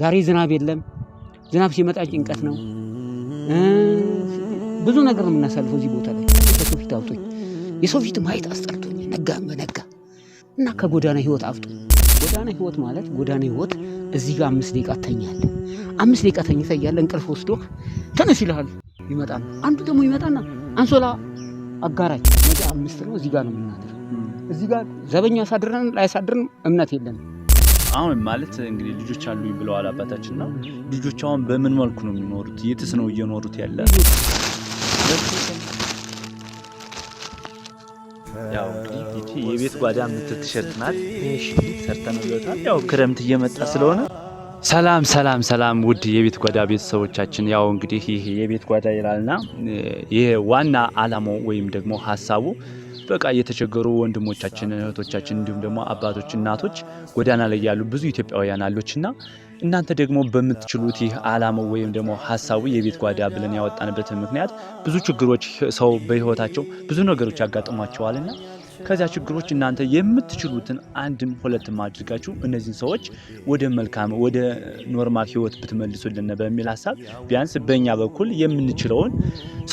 ዛሬ ዝናብ የለም። ዝናብ ሲመጣ ጭንቀት ነው። ብዙ ነገር ነው የምናሳልፈው እዚህ ቦታ ላይ። ከሰው ፊት አውጦኝ የሰው ፊት ማየት አስጠልቶኝ ነጋ በነጋ እና ከጎዳና ህይወት አፍጦ ጎዳና ህይወት ማለት ጎዳና ህይወት እዚህ ጋር አምስት ደቂቃ ተኛለ። አምስት ደቂቃ ተኝተ እያለ እንቅልፍ ወስዶ ተነስ ይልሃል። ይመጣል አንዱ ደግሞ ይመጣና አንሶላ አጋራች። ነገ አምስት ነው። እዚህ ጋር ነው የምናደር። እዚህ ጋር ዘበኛ ያሳድረን ላያሳድርን እምነት የለንም። አሁን ማለት እንግዲህ ልጆች አሉኝ ብለዋል አባታችን እና ልጆች አሁን በምን መልኩ ነው የሚኖሩት? የትስ ነው እየኖሩት ያለ? ያው እንግዲህ የቤት ጓዳ የምትትሸጥ ናት ሰርተንበታል። ያው ክረምት እየመጣ ስለሆነ ሰላም ሰላም ሰላም ውድ የቤት ጓዳ ቤተሰቦቻችን፣ ያው እንግዲህ ይህ የቤት ጓዳ ይላልና ይህ ዋና አላማው ወይም ደግሞ ሀሳቡ በቃ የተቸገሩ ወንድሞቻችን እህቶቻችን፣ እንዲሁም ደግሞ አባቶች፣ እናቶች ጎዳና ላይ ያሉ ብዙ ኢትዮጵያውያን አሎች እና እናንተ ደግሞ በምትችሉት ይህ አላማው ወይም ደግሞ ሀሳቡ የቤት ጓዳ ብለን ያወጣንበት ምክንያት ብዙ ችግሮች ሰው በህይወታቸው ብዙ ነገሮች ያጋጥሟቸዋልና ከዚያ ችግሮች እናንተ የምትችሉትን አንድም ሁለትም አድርጋችሁ እነዚህን ሰዎች ወደ መልካም ወደ ኖርማል ህይወት ብትመልሱልን በሚል ሀሳብ ቢያንስ በእኛ በኩል የምንችለውን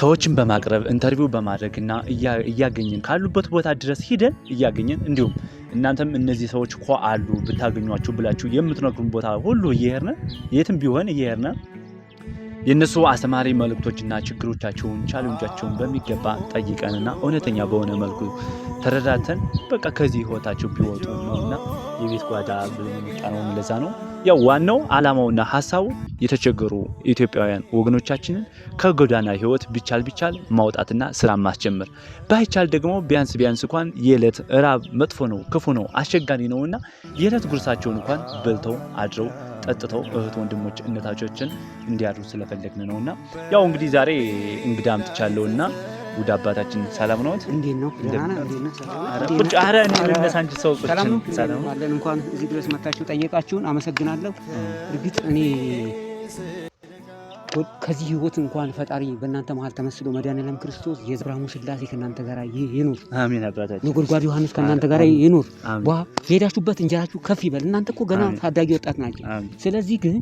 ሰዎችን በማቅረብ ኢንተርቪው በማድረግ እና እያገኘን ካሉበት ቦታ ድረስ ሂደን እያገኘን እንዲሁም እናንተም እነዚህ ሰዎች እኮ አሉ ብታገኟቸው ብላችሁ የምትነግሩን ቦታ ሁሉ እየሄድን የትም ቢሆን እየሄድን የእነሱ አስተማሪ መልእክቶችና ችግሮቻቸውን ቻሌንጃቸውን በሚገባ ጠይቀንና እውነተኛ በሆነ መልኩ ተረዳተን በቃ ከዚህ ህይወታቸው ቢወጡ ነው የቤት ጓዳ ብለን የመጣነው ለዛ ነው። ያው ዋናው አላማውና ሀሳቡ የተቸገሩ ኢትዮጵያውያን ወገኖቻችንን ከጎዳና ህይወት ቢቻል ቢቻል ማውጣትና ስራ ማስጀምር፣ ባይቻል ደግሞ ቢያንስ ቢያንስ እንኳን የዕለት ራብ መጥፎ ነው፣ ክፉ ነው፣ አስቸጋሪ ነውና የዕለት ጉርሳቸውን እንኳን በልተው አድረው ጠጥተው እህት ወንድሞች እነታቾችን እንዲያድሩ ስለፈለግን እና ያው እንግዲህ ዛሬ እንግዳ እና ውድ አባታችን ሰላም ነዎት? እንዴት ነው? ቁጭ አረ እኔ ልነሳ እንጂ ሰው ቁጭ ሰላም እንኳን እዚህ ድረስ መታችሁ ጠየቃችሁን፣ አመሰግናለሁ። እርግጥ እኔ ከዚህ ህይወት እንኳን ፈጣሪ በእናንተ መሀል ተመስሎ መድኃኔዓለም ክርስቶስ የአብርሃሙ ስላሴ ከእናንተ ጋር ይኑር። ነጎድጓድ ዮሐንስ ከእናንተ ጋር ይኑር። የሄዳችሁበት እንጀራችሁ ከፍ ይበል። እናንተ እኮ ገና ታዳጊ ወጣት ናቸው። ስለዚህ ግን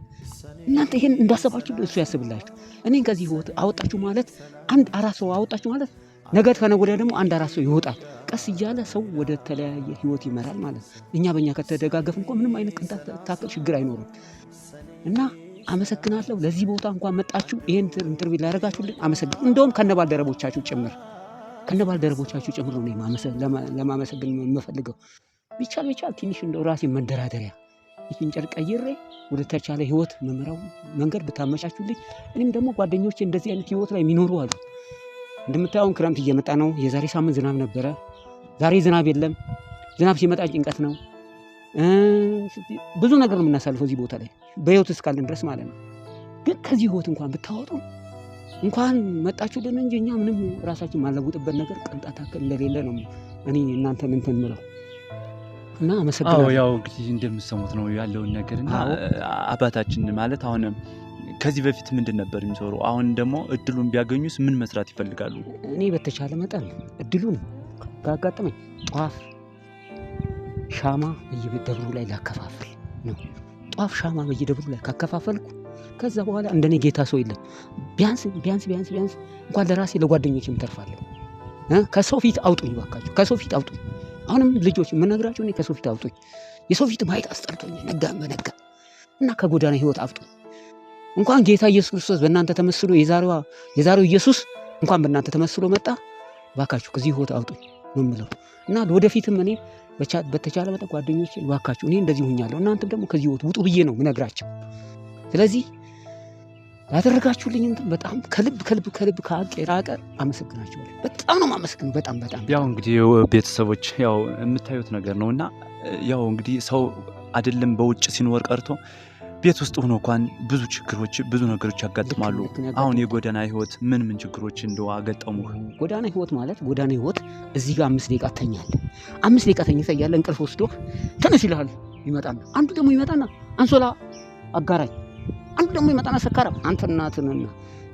እናንተ ይሄን እንዳሰባችሁ እሱ ያስብላችሁ። እኔን ከዚህ ህይወት አወጣችሁ ማለት አንድ አራት ሰው አወጣችሁ ማለት ነገድ ከነጎዳ ደግሞ አንድ አራት ሰው ይወጣል። ቀስ እያለ ሰው ወደ ተለያየ ህይወት ይመራል ማለት ነው። እኛ በእኛ ከተደጋገፍ እንኳ ምንም አይነት ቅንጣት ታክል ችግር አይኖርም እና አመሰግናለሁ። ለዚህ ቦታ እንኳን መጣችሁ፣ ይህን ኢንተርቪው ላደረጋችሁልን አመሰግ እንደውም ከነባልደረቦቻችሁ ጭምር ከነባልደረቦቻችሁ ጭምር ነው ለማመሰግን የምፈልገው። ቢቻል ቢቻል ትንሽ እንደ ራሴ መደራደሪያ ይህን ጨርቅ ቀይሬ ወደ ተቻለ ህይወት መምራው መንገድ ብታመቻችሁልኝ። እኔም ደግሞ ጓደኞች እንደዚህ አይነት ህይወት ላይ የሚኖሩ አሉ። እንደምታየውን ክረምት እየመጣ ነው። የዛሬ ሳምንት ዝናብ ነበረ፣ ዛሬ ዝናብ የለም። ዝናብ ሲመጣ ጭንቀት ነው። ብዙ ነገር ነው የምናሳልፈው እዚህ ቦታ ላይ በህይወት እስካለን ድረስ ማለት ነው። ግን ከዚህ ህይወት እንኳን ብታወጡ እንኳን መጣችሁልን እንጂ እኛ ምንም ራሳችን ማለውጥበት ነገር ቅንጣት ክል እንደሌለ ነው እኔ እናንተ እንትን ምለው እና አመሰግናለሁ። ያው እንግዲህ እንደምሰሙት ነው ያለውን ነገር እና አባታችን ማለት አሁን ከዚህ በፊት ምንድን ነበር የሚሰሩ? አሁን ደግሞ እድሉን ቢያገኙስ ምን መስራት ይፈልጋሉ? እኔ በተቻለ መጠን እድሉን ካጋጠመኝ ጠዋፍ ሻማ በየደብሩ ላይ ላከፋፍል ነው። ጧፍ ሻማ በየደብሩ ላይ ካከፋፈልኩ ከዛ በኋላ እንደኔ ጌታ ሰው የለም። ቢያንስ ቢያንስ ቢያንስ ቢያንስ እንኳን ለራሴ ለጓደኞች የምተርፋለሁ። ከሰው ፊት አውጡኝ ባካችሁ፣ ከሰው ፊት አውጡኝ። አሁንም ልጆች የምነግራቸው እኔ ከሰው ፊት አውጡኝ። የሰው ፊት ማየት አስጠርቶኝ ነጋ በነጋ እና ከጎዳና ህይወት አውጡኝ። እንኳን ጌታ ኢየሱስ ክርስቶስ በእናንተ ተመስሎ የዛሬው ኢየሱስ እንኳን በእናንተ ተመስሎ መጣ። ባካችሁ ከዚህ ህይወት አውጡኝ ነው የምለው እና ወደፊትም እኔ በተቻለ መጠን ጓደኞች ልባካችሁ እኔ እንደዚህ ሁኛለሁ፣ እናንተም ደግሞ ከዚህ ህይወት ውጡ ብዬ ነው ምነግራቸው። ስለዚህ ያደረጋችሁልኝ እንትን በጣም ከልብ ከልብ ከልብ ከሀቅ የራቀ አመሰግናቸው። በጣም ነው የማመሰግነው። በጣም በጣም ያው እንግዲህ ቤተሰቦች ያው የምታዩት ነገር ነው እና ያው እንግዲህ ሰው አይደለም በውጭ ሲኖር ቀርቶ ቤት ውስጥ ሆኖ እንኳን ብዙ ችግሮች ብዙ ነገሮች ያጋጥማሉ። አሁን የጎዳና ህይወት ምን ምን ችግሮች እንደው አገጠሙ? ጎዳና ህይወት ማለት ጎዳና ህይወት እዚህ ጋር አምስት ደቂቃ ተኛለህ። አምስት ደቂቃ ተኝተህ እያለ እንቅልፍ ወስዶ ተነስ ይልሃል። ይመጣል አንዱ ደግሞ ይመጣና አንሶላ አጋራኝ፣ አንዱ ደግሞ ይመጣና ሰካራም፣ አንተና እናትንና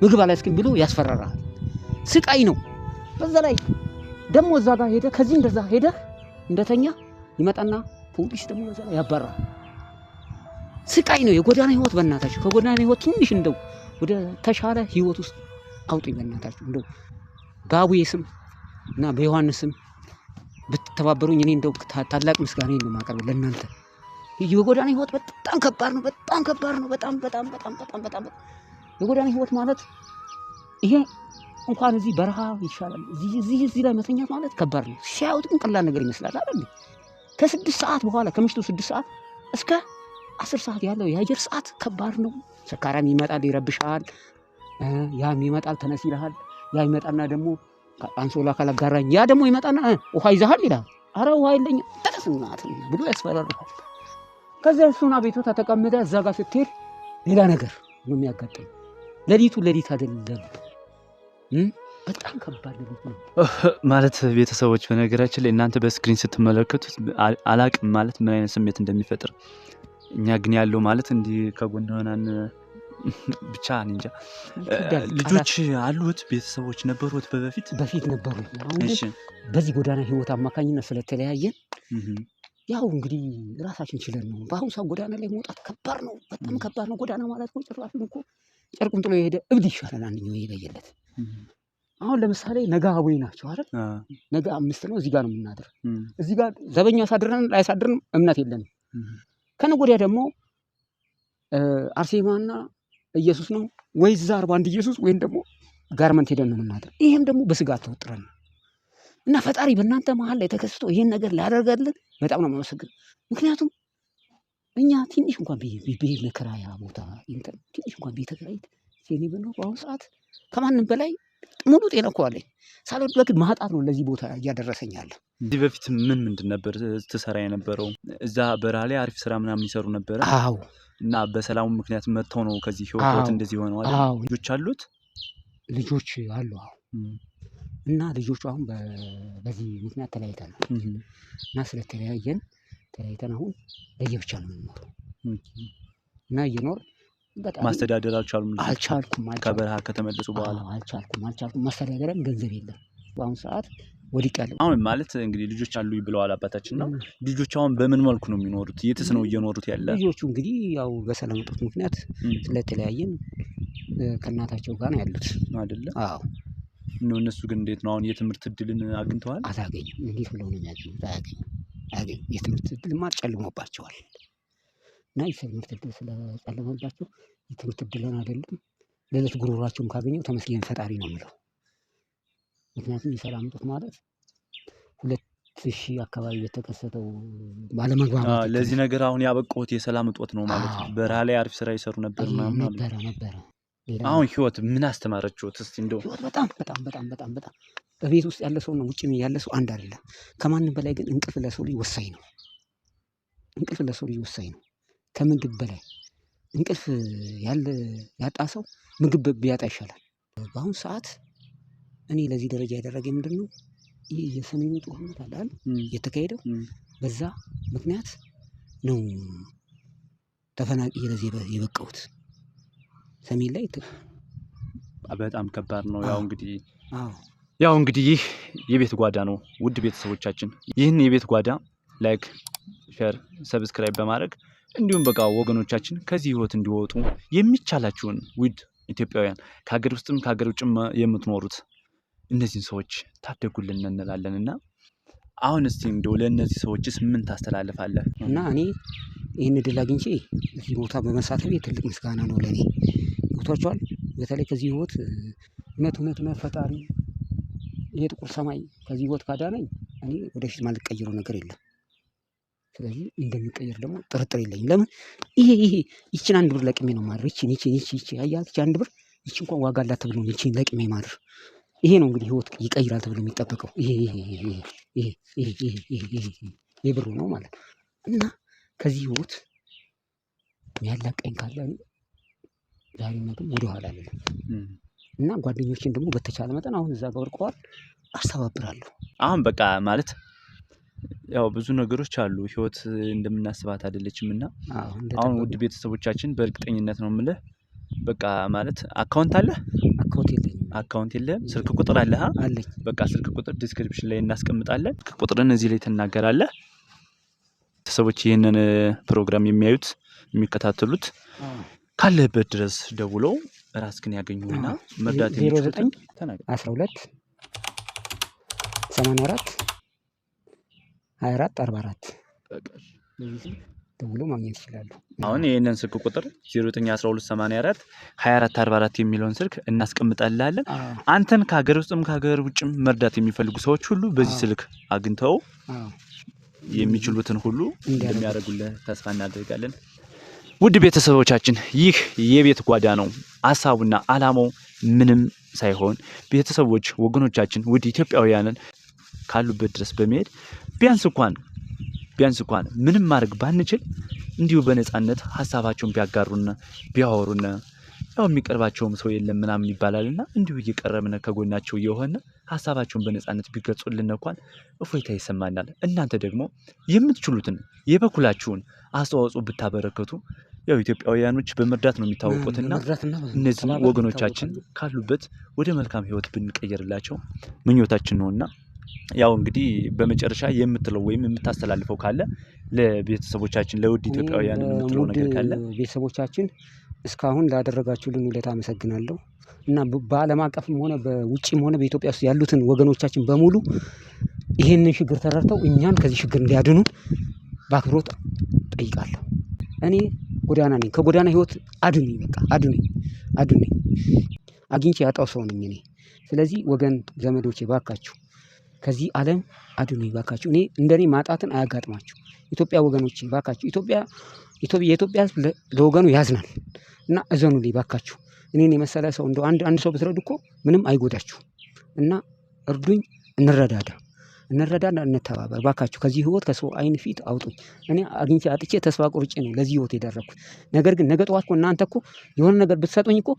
ምግብ አላያስክም ብሎ ያስፈራራል። ስቃይ ነው። በዛ ላይ ደግሞ እዛ ጋር ሄደ ከዚህ እንደዛ ሄደ እንደተኛ ይመጣና ፖሊስ ደግሞ ያባራል። ስቃይ ነው የጎዳና ህይወት። በእናታችሁ ከጎዳና ህይወት ትንሽ እንደው ወደ ተሻለ ህይወት ውስጥ አውጡኝ በእናታችሁ። እንደው በአቡዬ ስም እና በዮሐንስ ስም ብትተባበሩኝ እኔ እንደው ታላቅ ምስጋና ነው የማቀርበው ለእናንተ። የጎዳና ህይወት በጣም ከባድ ነው። በጣም ከባድ ነው። በጣም በጣም በጣም በጣም በጣም የጎዳና ህይወት ማለት ይሄ እንኳን እዚህ በረሃ ይሻላል። እዚህ እዚህ ላይ መተኛት ማለት ከባድ ነው። ሲያዩት ግን ቀላል ነገር ይመስላል አይደል? ከስድስት ሰዓት በኋላ ከምሽቱ ስድስት ሰዓት እስከ አስር ሰዓት ያለው የአየር ሰዓት ከባድ ነው። ሰካራም ይመጣል ይረብሻል። ያም ይመጣል ተነስ ይልሃል። ያ ይመጣና ደግሞ አንሶላ ካላጋራኝ ያ ደግሞ ይመጣና ውሃ ይዛሃል ይላል። አረ ውሃ የለኝም ተነስ ምናምን ብሎ ያስፈራራል። ከዚያ እሱን አቤቱታ ተቀምጠ እዛ ጋር ስትሄድ ሌላ ነገር ነው የሚያጋጥም። ሌሊቱ ሌሊት አይደለም፣ በጣም ከባድ ሌሊት ነው ማለት ቤተሰቦች። በነገራችን ላይ እናንተ በስክሪን ስትመለከቱት አላቅም ማለት ምን አይነት ስሜት እንደሚፈጥር እኛ ግን ያለው ማለት እንዲህ ከጎን ሆናን ብቻ እንጃ። ልጆች አሉት ቤተሰቦች ነበሩት? በበፊት በፊት ነበሩ። በዚህ ጎዳና ህይወት አማካኝነት ስለተለያየን ያው እንግዲህ ራሳችን ችለን ነው። በአሁኑ ሰዓት ጎዳና ላይ መውጣት ከባድ ነው፣ በጣም ከባድ ነው። ጎዳና ማለት ነው ጭራሹን እኮ ጨርቁን ጥሎ የሄደ እብድ ይሻላል። አንደኛው የለየለት አሁን ለምሳሌ ነገ አቦይ ናቸው አይደል? ነገ አምስት ነው። እዚህ ጋር ነው የምናድር። እዚህ ጋር ዘበኛ ያሳድረን ላያሳድረን እምነት የለንም። ከነገ ወዲያ ደግሞ አርሴማና ኢየሱስ ነው ወይ እዛ አርባ አንድ ኢየሱስ ወይም ደግሞ ጋርመንት ሄደን ነው የምናድር። ይህም ደግሞ በስጋት ተወጥረን ነው እና ፈጣሪ በእናንተ መሀል ላይ ተከስቶ ይህን ነገር ላደርጋለን በጣም ነው የማመሰግን። ምክንያቱም እኛ ትንሽ እንኳን ቤት መከራያ ቦታ ትንሽ እንኳን ቤት ተከራይት ሴኔ ብንኖር በአሁኑ ሰዓት ከማንም በላይ ሙሉ ጤና እኮ አለኝ። ሳልወድ በግድ ማጣት ነው ለዚህ ቦታ እያደረሰኝ ያለ። እዚህ በፊት ምን ምንድን ነበር ትሰራ የነበረው? እዛ በረሃ ላይ አሪፍ ስራ ምናምን ይሰሩ ነበረ። አዎ። እና በሰላሙ ምክንያት መጥተው ነው ከዚህ ህይወት እንደዚህ ሆነዋል። ልጆች አሉት? ልጆች አሉ። አዎ። እና ልጆቹ አሁን በዚህ ምክንያት ተለያይተን ነው እና ስለተለያየን ተለያይተን አሁን ለየብቻ ነው የምንኖረው እና እየኖር ማስተዳደር አልቻሉም። አልቻልኩም ከበረሃ ከተመለሱ በኋላ አልቻልኩም አልቻልኩም። ማስተዳደርም ገንዘብ የለም። በአሁኑ ሰዓት ወድቄያለሁ። አሁን ማለት እንግዲህ ልጆች አሉ ብለዋል አባታችን ነው። ልጆች አሁን በምን መልኩ ነው የሚኖሩት? የትስ ነው እየኖሩት ያለ? ልጆቹ እንግዲህ ያው በሰላም እጦት ምክንያት ስለተለያየን ከእናታቸው ጋር ነው ያሉት አይደለ? አዎ። ነው። እነሱ ግን እንዴት ነው አሁን የትምህርት እድልን አግኝተዋል? አላገኝም። እንዴት ብለው ነው የሚያገኙት? አያገኙም። የትምህርት እድልማ ጨልሞባቸዋል። እና የትምህርት እድል ስለጨለመባቸው የትምህርት እድልን አይደለም ሌሎች ጉሮሯቸውን ካገኘው ተመስገን ፈጣሪ ነው የምለው። ምክንያቱም የሰላም እጦት ማለት ሁለት ሺህ አካባቢ የተከሰተው ባለመግባባት ለዚህ ነገር አሁን ያበቃሁት የሰላም እጦት ነው ማለት ነው። በረሃ ላይ አሪፍ ስራ ይሰሩ ነበር ነበረ ነበረ። አሁን ህይወት ምን አስተማረችሁት እስቲ? እንደው ህይወት በጣም በጣም በጣም በጣም በጣም በቤት ውስጥ ያለ ሰው ነው ውጭ ያለ ሰው አንድ አይደለም። ከማንም በላይ ግን እንቅልፍ ለሰው ልጅ ወሳኝ ነው። እንቅልፍ ለሰው ልጅ ወሳኝ ነው። ከምግብ በላይ እንቅልፍ ያለ ያጣ ሰው ምግብ ቢያጣ ይሻላል። በአሁኑ ሰዓት እኔ ለዚህ ደረጃ ያደረገ ምንድነው? ይህ የሰሜኑ ጦርነት አለ የተካሄደው በዛ ምክንያት ነው። ተፈናቂ ለዚህ የበቃሁት ሰሜን ላይ በጣም ከባድ ነው። ያው እንግዲህ ያው እንግዲህ ይህ የቤት ጓዳ ነው። ውድ ቤተሰቦቻችን ይህን የቤት ጓዳ ላይክ፣ ሸር ሰብስክራይብ በማድረግ እንዲሁም በቃ ወገኖቻችን ከዚህ ህይወት እንዲወጡ የሚቻላችሁን ውድ ኢትዮጵያውያን ከሀገር ውስጥም ከሀገር ውጭም የምትኖሩት እነዚህን ሰዎች ታደጉልን እንላለን እና አሁን እስቲ እንደው ለእነዚህ ሰዎችስ ምን ታስተላልፋለህ? እና እኔ ይህን እድል አግኝቼ እዚህ ቦታ በመሳተፍ ትልቅ ምስጋና ነው ለእኔ። ገብቷችኋል? በተለይ ከዚህ ህይወት እውነት እውነት እውነት ፈጣሪ ይሄ ጥቁር ሰማይ ከዚህ ህይወት ካዳነኝ እኔ ወደፊት ማልቀይረው ነገር የለም። ስለዚህ እንደሚቀየር ደግሞ ጥርጥር የለኝም። ለምን ይሄ ይሄ ይቺን አንድ ብር ለቅሜ ነው ማድር። ይቺን ይቺን ይቺ ይቺ አያት ይቺ አንድ ብር ይቺ እንኳን ዋጋ አላት ተብሎ ነው ይቺን ለቅሜ ማድር። ይሄ ነው እንግዲህ ህይወት ይቀይራል ተብሎ የሚጠበቀው ይሄ ይሄ ይሄ ይሄ ይሄ ይሄ ይሄ ብሩ ነው ማለት ነው። እና ከዚህ ህይወት የሚያላቀኝ ካለ ዛሬ ነገም ወደኋላ አልልም። እና ጓደኞችን ደግሞ በተቻለ መጠን አሁን እዛ ጋር ወድቀዋል አስተባብራለሁ። አሁን በቃ ማለት ያው ብዙ ነገሮች አሉ ህይወት እንደምናስባት አይደለችም። እና አሁን ውድ ቤተሰቦቻችን በእርግጠኝነት ነው የምልህ በቃ ማለት አካውንት አለህ? አካውንት የለኝም። አካውንት የለህም? ስልክ ቁጥር አለ አለኝ። በቃ ስልክ ቁጥር ዲስክሪፕሽን ላይ እናስቀምጣለን። ስልክ ቁጥርን እዚህ ላይ ትናገራለህ። ቤተሰቦች ይህንን ፕሮግራም የሚያዩት የሚከታተሉት ካለህበት ድረስ ደውለው ራስክን ያገኙና መርዳት የሚችሉትን ተናገር። አስራ ሁለት ሰማንያ አራት ሃያ አራት ደውሎ ማግኘት ይችላሉ። አሁን ይህንን ስልክ ቁጥር 091284 2444 የሚለውን ስልክ እናስቀምጠላለን። አንተን ከሀገር ውስጥም ከሀገር ውጭም መርዳት የሚፈልጉ ሰዎች ሁሉ በዚህ ስልክ አግኝተው የሚችሉትን ሁሉ እንደሚያደርጉልህ ተስፋ እናደርጋለን። ውድ ቤተሰቦቻችን ይህ የቤት ጓዳ ነው። አሳቡና አላማው ምንም ሳይሆን ቤተሰቦች፣ ወገኖቻችን ውድ ኢትዮጵያውያንን ካሉበት ድረስ በመሄድ ቢያንስ እንኳን ቢያንስ እንኳን ምንም ማድረግ ባንችል እንዲሁ በነፃነት ሀሳባቸውን ቢያጋሩና ቢያወሩና ያው የሚቀርባቸውም ሰው የለም ምናምን እና እንዲሁ እየቀረብን ከጎናቸው የሆነ ሀሳባቸውን በነፃነት ቢገልጹልን እንኳን እፎይታ ይሰማናል። እናንተ ደግሞ የምትችሉትን የበኩላችሁን አስተዋጽኦ ብታበረከቱ ያው ኢትዮጵያውያኖች በመርዳት ነው የሚታወቁትና እነዚህ ወገኖቻችን ካሉበት ወደ መልካም ሕይወት ብንቀየርላቸው ምኞታችን ነውና ያው እንግዲህ በመጨረሻ የምትለው ወይም የምታስተላልፈው ካለ ለቤተሰቦቻችን ለውድ ኢትዮጵያውያን የምትለው ነገር ካለ ቤተሰቦቻችን እስካሁን ላደረጋችሁልን ውለታ አመሰግናለሁ እና በአለም አቀፍም ሆነ በውጭም ሆነ በኢትዮጵያ ውስጥ ያሉትን ወገኖቻችን በሙሉ ይህንን ችግር ተረድተው እኛን ከዚህ ችግር እንዲያድኑ በአክብሮት ጠይቃለሁ። እኔ ጎዳና ነኝ፣ ከጎዳና ህይወት አድኑኝ፣ በቃ አድኑኝ፣ አድኑኝ። አግኝቼ ያጣው ሰው ነኝ እኔ። ስለዚህ ወገን ዘመዶቼ ባካችሁ ከዚህ ዓለም አድኑ ይባካችሁ። እኔ እንደኔ ማጣትን አያጋጥማችሁ ኢትዮጵያ ወገኖች ይባካችሁ። ኢትዮጵያ የኢትዮጵያ ሕዝብ ለወገኑ ያዝናል እና እዘኑ ይባካችሁ። እኔን የመሰለ ሰው እንደው አንድ አንድ ሰው ብትረዱ እኮ ምንም አይጎዳችሁ እና እርዱኝ፣ እንረዳዳ እንረዳዳ እንተባበር ባካችሁ። ከዚህ ህይወት ከሰው አይን ፊት አውጡኝ። እኔ አግኝቼ አጥቼ ተስፋ ቁርጭ ነው ለዚህ ህይወት የደረኩት። ነገር ግን ነገ ጠዋት እኮ እናንተ እኮ የሆነ ነገር ብትሰጡኝ እኮ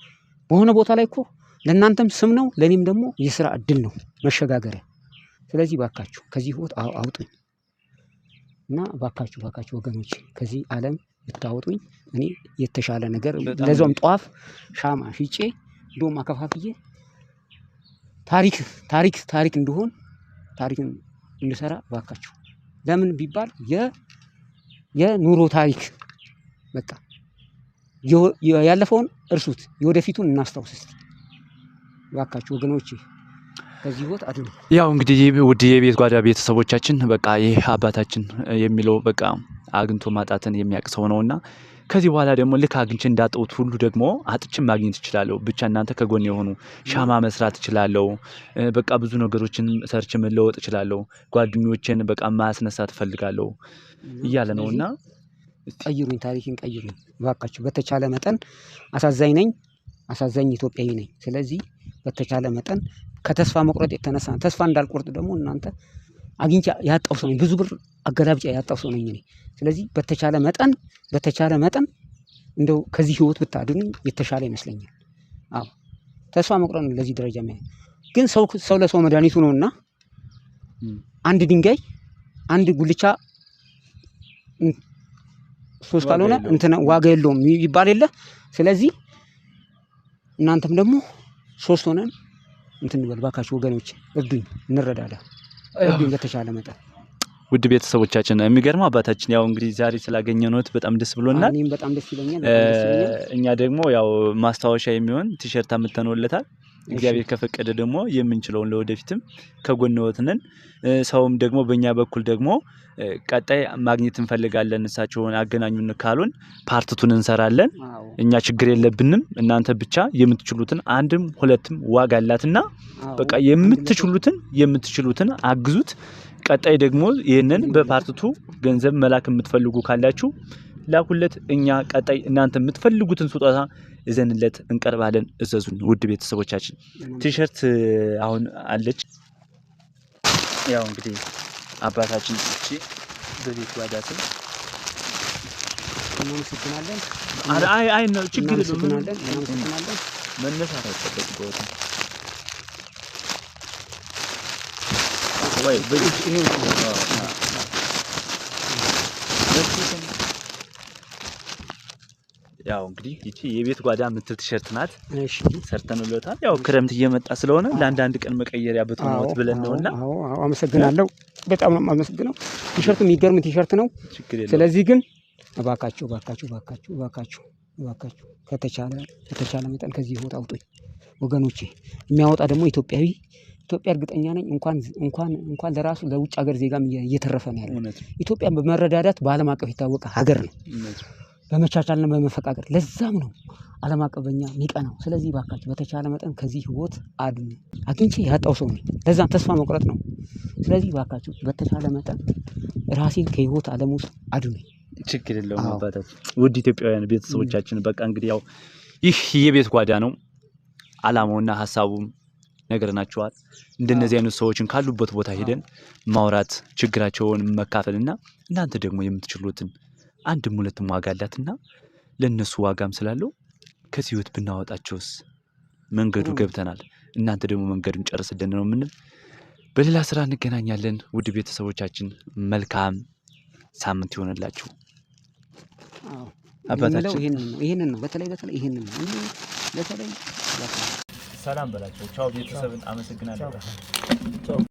በሆነ ቦታ ላይ እኮ ለእናንተም ስም ነው፣ ለእኔም ደግሞ የስራ እድል ነው መሸጋገሪያ ስለዚህ ባካችሁ ከዚህ ህይወት አውጡኝ እና ባካችሁ ባካችሁ ወገኖች ከዚህ ዓለም ብታወጡኝ እኔ የተሻለ ነገር ለዞም ጧፍ ሻማ ሽጬ እንደውም አከፋፍዬ ታሪክ ታሪክ ታሪክ እንደሆን ታሪክን እንድሰራ ባካችሁ። ለምን ቢባል የኑሮ ታሪክ በቃ ያለፈውን እርሱት፣ የወደፊቱን እናስታውስ እስቲ ባካችሁ ወገኖቼ። ያው እንግዲህ ውድ የቤት ጓዳ ቤተሰቦቻችን በቃ ይህ አባታችን የሚለው በቃ አግኝቶ ማጣትን የሚያውቅ ሰው እና ከዚህ በኋላ ደግሞ ልክ አግኝቼ እንዳጠውት ሁሉ ደግሞ አጥችን ማግኘት እችላለሁ። ብቻ እናንተ ከጎን የሆኑ ሻማ መስራት እችላለሁ። በቃ ብዙ ነገሮችን ሰርች መለወጥ እችላለሁ። ጓደኞችን በቃ ማስነሳት እፈልጋለሁ እያለ ነው እና ቀይሩኝ፣ ታሪክን ቀይሩኝ እባካችሁ። በተቻለ መጠን አሳዛኝ ነኝ፣ አሳዛኝ ኢትዮጵያዊ ነኝ። ስለዚህ በተቻለ መጠን ከተስፋ መቁረጥ የተነሳ ተስፋ እንዳልቆርጥ ደግሞ እናንተ አግኝቼ ያጣው ሰው ነኝ፣ ብዙ ብር አገላብጫ ያጣው ሰው ነኝ እኔ። ስለዚህ በተቻለ መጠን በተቻለ መጠን እንደው ከዚህ ህይወት ብታድኑኝ የተሻለ ይመስለኛል። አዎ ተስፋ መቁረጥ ነው ለዚህ ደረጃ የሚያ ግን ሰው ሰው ለሰው መድኃኒቱ እና አንድ ድንጋይ አንድ ጉልቻ ሶስት ካልሆነ እንትን ዋጋ የለውም ይባል የለ። ስለዚህ እናንተም ደግሞ ሶስት ሆነን እንትን እንበል ባካችሁ ወገኖች፣ እርዱኝ፣ እንረዳዳ፣ እርዱኝ በተሻለ መጠን። ውድ ቤተሰቦቻችን የሚገርመው አባታችን ያው እንግዲህ ዛሬ ስላገኘንዎት በጣም ደስ ብሎናል። በጣም ደስ ይለኛል። እኛ ደግሞ ያው ማስታወሻ የሚሆን ቲሸርት አምጥተንዎለታል። እግዚአብሔር ከፈቀደ ደግሞ የምንችለውን ለወደፊትም ከጎንዎት ነን። ሰውም ደግሞ በእኛ በኩል ደግሞ ቀጣይ ማግኘት እንፈልጋለን። እሳቸውን አገናኙን ካሉን ፓርትቱን እንሰራለን። እኛ ችግር የለብንም። እናንተ ብቻ የምትችሉትን አንድም ሁለትም ዋጋ አላትና በቃ የምትችሉትን የምትችሉትን አግዙት። ቀጣይ ደግሞ ይህንን በፓርትቱ ገንዘብ መላክ የምትፈልጉ ካላችሁ ላኩለት። እኛ ቀጣይ እናንተ የምትፈልጉትን ስጦታ እዘንለት እንቀርባለን። እዘዙን ውድ ቤተሰቦቻችን። ቲሸርት አሁን አለች። ያው እንግዲህ አባታችን እቺ በቤት ዋዳ ስም አይ አይ ነው ችግር መነሳት አይጠበቅበትም። ወይ በእጅ ይሄን ነው ያው እንግዲህ ይቺ የቤት ጓዳ ምትል ቲሸርት ናት ሰርተንሎታል። ያው ክረምት እየመጣ ስለሆነ ለአንዳንድ ቀን መቀየሪያ ብትሆናት ብለን ነው እና አመሰግናለሁ። በጣም ነው አመሰግነው። ቲሸርቱ የሚገርም ቲሸርት ነው። ስለዚህ ግን እባካችሁ እባካችሁ እባካችሁ እባካችሁ እባካችሁ ከተቻለ ከተቻለ መጠን ከዚህ ይወጣ አውጡኝ ወገኖቼ። የሚያወጣ ደግሞ ኢትዮጵያዊ ኢትዮጵያ እርግጠኛ ነኝ እንኳን እንኳን እንኳን ለራሱ ለውጭ ሀገር ዜጋም እየተረፈ ነው ያለ። ኢትዮጵያ በመረዳዳት በዓለም አቀፍ የታወቀ ሀገር ነው። በመቻቻልና በመፈቃቀር ለዛም ነው አለም አቀፍ በእኛ የሚቀናው። ስለዚህ እባካችሁ በተቻለ መጠን ከዚህ ህይወት አድኑ። አግኝቼ ያጣው ሰው ነው፣ ለዛም ተስፋ መቁረጥ ነው። ስለዚህ እባካችሁ በተቻለ መጠን ራሴን ከህይወት አለም ውስጥ አድኑ። ችግር የለውም አባታችን። ውድ ኢትዮጵያውያን ቤተሰቦቻችን በቃ እንግዲህ ያው ይህ የቤት ጓዳ ነው። አላማውና ሀሳቡም ነገር ናቸዋል። እንደነዚህ አይነት ሰዎችን ካሉበት ቦታ ሄደን ማውራት፣ ችግራቸውን መካፈልና እናንተ ደግሞ የምትችሉትን አንድም ሁለትም ዋጋ አላትና ለእነሱ ዋጋም ስላለው ከዚህ ህይወት ብናወጣቸውስ መንገዱ ገብተናል። እናንተ ደግሞ መንገዱን ጨርስልን ነው የምንል። በሌላ ስራ እንገናኛለን። ውድ ቤተሰቦቻችን መልካም ሳምንት ይሆንላችሁ። አባታችን ይህንን ነው በተለይ በተለይ ይህንን ነው በተለይ ሰላም በላቸው። ቻው ቤተሰብን አመሰግናለሁ።